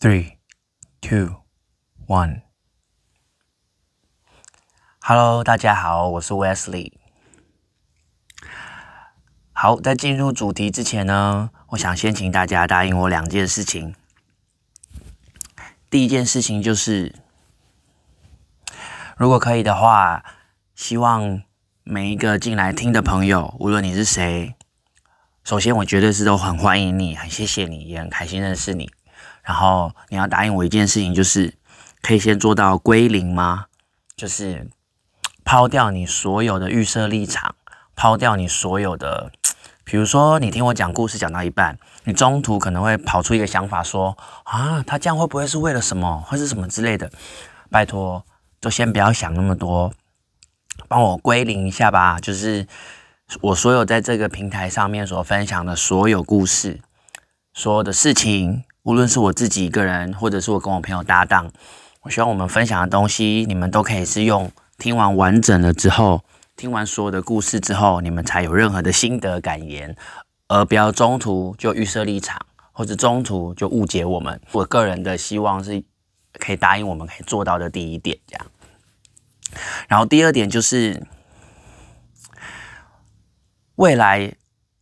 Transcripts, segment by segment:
Three, two, one. Hello，大家好，我是 Wesley。好，在進入主題之前呢，我想先請大家答應我兩件事情。第一件事情就是，如果可以的話，希望每一個進來聽的朋友，無論你是誰，首先我絕對是都很歡迎你，很謝謝你，也很開心認識你。然後你要答應我一件事情，就是可以先做到歸零嗎？就是拋掉你所有的預設立場，拋掉你所有的，比如說你聽我講故事講到一半，你中途可能會跑出一個想法說，說啊，他這樣會不會是為了什麼，或是什麼之類的？拜托，就先不要想那麼多，幫我歸零一下吧。就是我所有在這個平台上面所分享的所有故事，所有的事情。無論是我自己一個人，或者是我跟我朋友搭檔，我希望我們分享的東西，你們都可以是用聽完完整了之後，聽完所有的故事之後，你們才有任何的心得感言，而不要中途就預設立場，或者中途就誤解我們。我個人的希望是，可以答應我們可以做到的第一點這樣。然後第二點就是，未來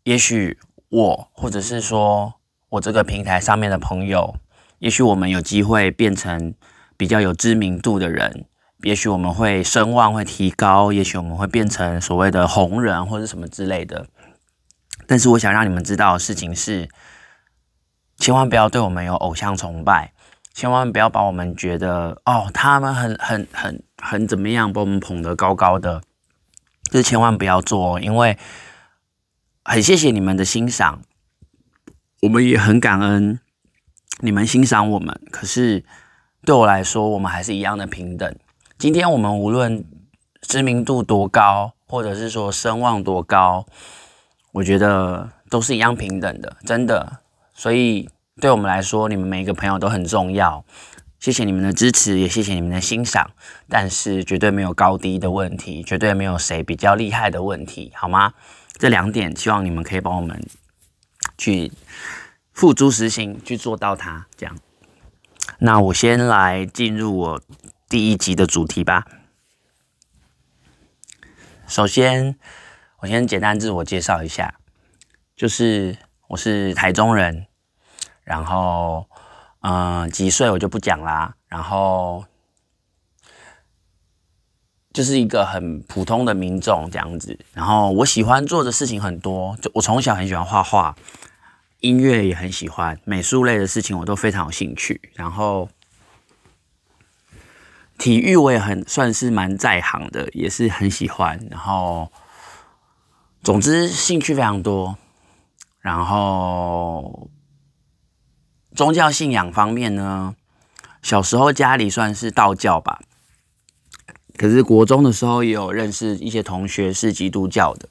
也許我或者是說。我這個平台上面的朋友，也許我們有機會變成比較有知名度的人，也許我們會聲望會提高，也許我們會變成所謂的紅人或者什麼之類的。但是我想讓你們知道的事情是，千萬不要對我們有偶像崇拜，千萬不要把我們覺得哦他們很很很很怎麼樣，把我們捧得高高的，這、就是千萬不要做，因為很謝謝你們的欣賞。我們也很感恩你們欣賞我們，可是對我來說，我們還是一樣的平等。今天我們無論知名度多高，或者是說聲望多高，我覺得都是一樣平等的，真的。所以對我們來說，你們每一個朋友都很重要。謝謝你們的支持，也謝謝你們的欣賞。但是絕對沒有高低的問題，絕對沒有誰比較厲害的問題，好嗎？這兩點，希望你們可以幫我們。去付諸實行，去做到它這樣。那我先來進入我第一集的主題吧。首先，我先簡單自我介紹一下，就是我是台中人，然後，嗯，幾歲我就不講啦啊，然後。就是一個很普通的民眾這樣子，然後我喜歡做的事情很多，就我從小很喜歡畫畫，音樂也很喜歡，美術類的事情我都非常有興趣，然後體育我也很算是蠻在行的，也是很喜歡，然後總之興趣非常多，然後宗教信仰方面呢，小時候家裡算是道教吧。可是國中的時候也有認識一些同學是基督教的，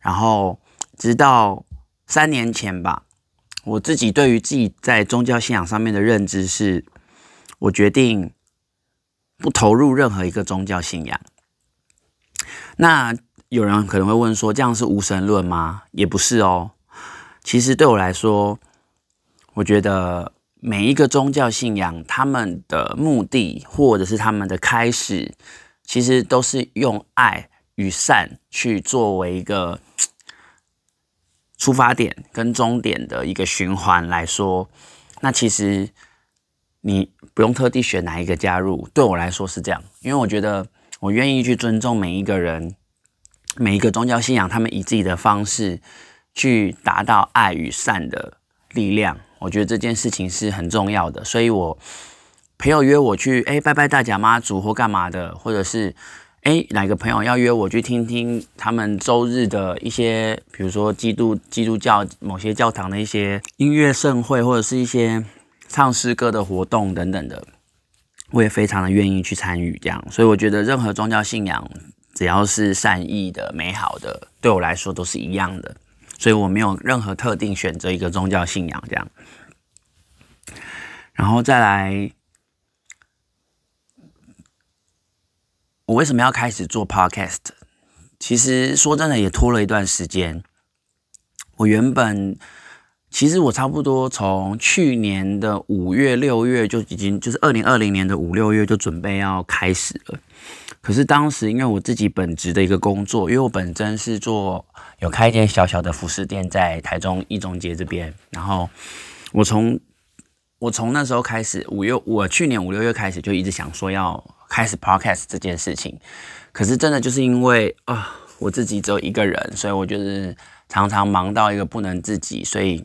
然後直到三年前吧，我自己對於自己在宗教信仰上面的認知是，我決定不投入任何一個宗教信仰。那有人可能會問說，這樣是無神論嗎？也不是哦，其實對我來說，我覺得每一個宗教信仰他們的目的或者是他們的開始。其實都是用愛與善去作為一個出發點跟終點的一個循環來說，那其實你不用特地選哪一個加入，對我來說是這樣，因為我覺得我願意去尊重每一個人、每一個宗教信仰，他們以自己的方式去達到愛與善的力量，我覺得這件事情是很重要的，所以我。朋友約我去，哎、欸，拜拜大甲媽祖或幹嘛的，或者是，哎、欸，哪個朋友要約我去聽聽他們週日的一些，比如說基督基督教某些教堂的一些音樂盛會，或者是一些唱詩歌的活動等等的，我也非常的願意去參與這樣。所以我覺得任何宗教信仰，只要是善意的、美好的，對我來說都是一樣的。所以我沒有任何特定選擇一個宗教信仰這樣。然後再來。我為什麼要開始做 Podcast？其實說真的也拖了一段時間。我原本其實我差不多從去年的五月六月就已經，就是二零二零年的五六月就準備要開始了。可是當時因為我自己本職的一個工作，因為我本身是做有開一間小小的服飾店在台中一中街這邊，然後我從我從那時候開始，五月我去年五六月開始就一直想說要。開始 Podcast 這件事情，可是真的就是因為啊、呃，我自己只有一個人，所以我就是常常忙到一個不能自己，所以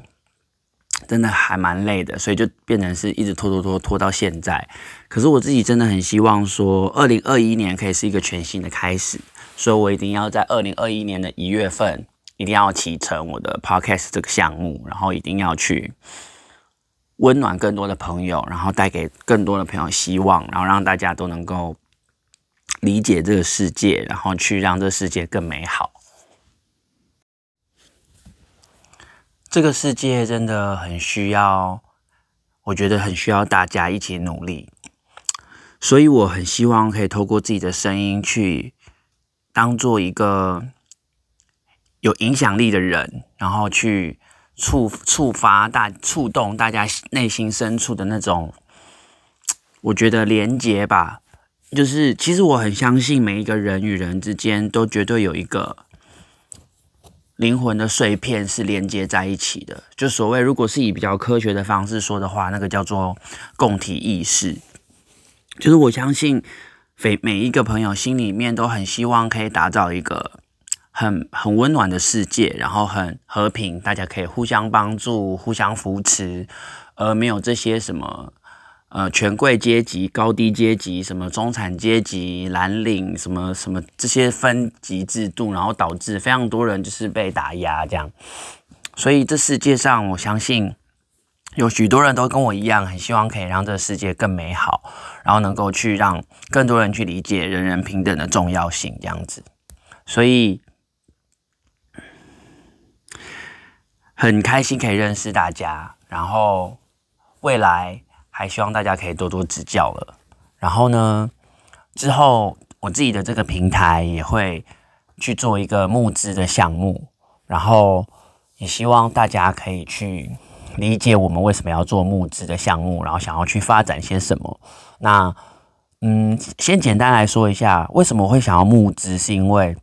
真的還蠻累的，所以就變成是一直拖拖拖拖到現在。可是我自己真的很希望說，二零二一年可以是一個全新的開始，所以我一定要在二零二一年的一月份一定要啟程我的 Podcast 這個項目，然後一定要去。溫暖更多的朋友，然後帶給更多的朋友希望，然後讓大家都能夠理解這個世界，然後去讓這個世界更美好。這個世界真的很需要，我覺得很需要大家一起努力，所以我很希望可以透過自己的聲音去當做一個有影響力的人，然後去。觸觸發大觸動大家內心深處的那種，我覺得連接吧，就是其實我很相信每一個人與人之間都絕對有一個靈魂的碎片是連接在一起的。就所謂，如果是以比較科學的方式說的話，那個叫做共體意識。就是我相信每每一個朋友心裡面都很希望可以打造一個。很很溫暖的世界，然後很和平，大家可以互相幫助、互相扶持，而沒有這些什麼呃權貴階級、高低階級、什麼中產階級、藍領什麼什麼這些分級制度，然後導致非常多人就是被打壓這樣。所以這世界上，我相信有許多人都跟我一樣，很希望可以讓這個世界更美好，然後能夠去讓更多人去理解人人平等的重要性這樣子。所以。很開心可以認識大家，然後未來還希望大家可以多多指教了。然後呢，之後我自己的這個平台也會去做一個募資的項目，然後也希望大家可以去理解我們為什麼要做募資的項目，然後想要去發展些什麼。那嗯，先簡單來說一下，為什麼會想要募資，是因為。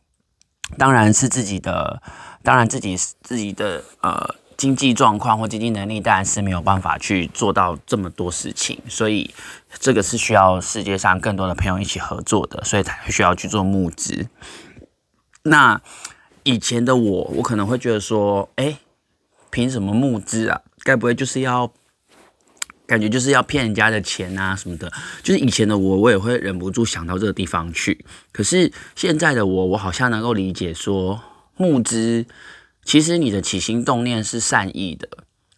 當然是自己的，當然自己自己的呃經濟狀況或經濟能力當然是沒有辦法去做到這麼多事情，所以這個是需要世界上更多的朋友一起合作的，所以才需要去做募資。那以前的我，我可能會覺得說，哎、欸，憑什麼募資啊？該不會就是要。感覺就是要騙人家的錢啊什麼的，就是以前的我，我也會忍不住想到這個地方去。可是現在的我，我好像能夠理解說募資，其實你的起心動念是善意的，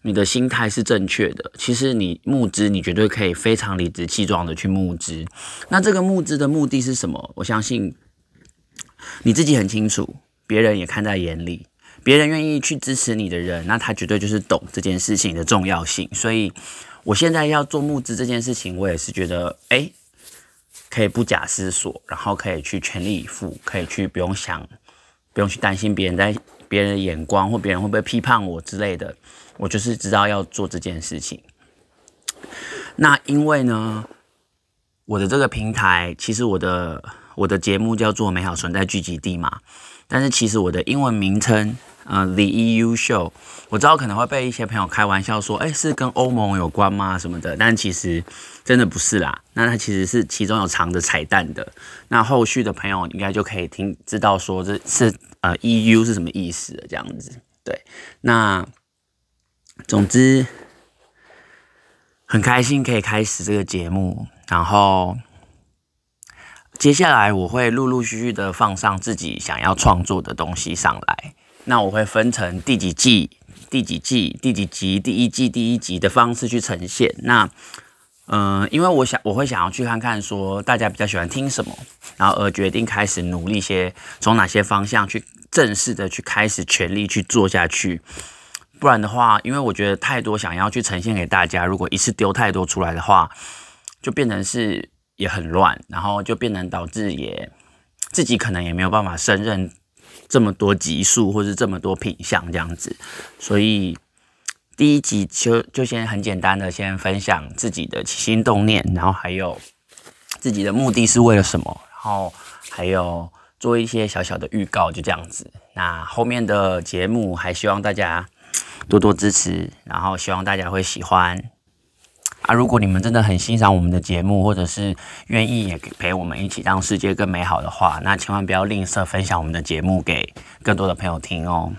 你的心態是正確的。其實你募資，你絕對可以非常理直氣壯的去募資。那這個募資的目的是什麼？我相信你自己很清楚，別人也看在眼裡，別人願意去支持你的人，那他絕對就是懂這件事情的重要性，所以。我現在要做募資這件事情，我也是覺得，誒、欸，可以不假思索，然後可以去全力以赴，可以去不用想，不用去擔心別人在別人的眼光或別人會不會批判我之類的。我就是知道要做這件事情。那因為呢，我的這個平台，其實我的。我的節目叫做《美好存在聚集地》嘛，但是其實我的英文名稱，呃，The EU Show，我知道可能會被一些朋友開玩笑說，誒、欸，是跟歐盟有關嗎？什麼的，但其實真的不是啦。那它其實是其中有藏着彩蛋的，那後續的朋友應該就可以聽知道說這是呃 EU 是什麼意思的這樣子。對，那總之很開心可以開始這個節目，然後。接下來我會陸陸續續的放上自己想要創作的東西上來，那我會分成第幾季、第幾季、第幾集、第一季、第一集、第一集的方式去呈現。那，嗯、呃，因為我想我會想要去看看說大家比較喜歡聽什麼，然後而決定開始努力些，從哪些方向去正式的去開始全力去做下去。不然的話，因為我覺得太多想要去呈現給大家，如果一次丟太多出來的話，就變成是。也很亂，然後就變成導致也自己可能也沒有辦法勝任這麼多集數或者是這麼多品項這樣子，所以第一集就就先很簡單的先分享自己的起心動念，然後還有自己的目的是為了什麼，然後還有做一些小小的預告，就這樣子。那後面的節目還希望大家多多支持，然後希望大家會喜歡。啊，如果你們真的很欣賞我們的節目，或者是願意也陪我們一起讓世界更美好的話，那千萬不要吝嗇分享我們的節目給更多的朋友聽哦。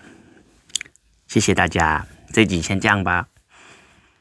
謝謝大家，這集先這樣吧。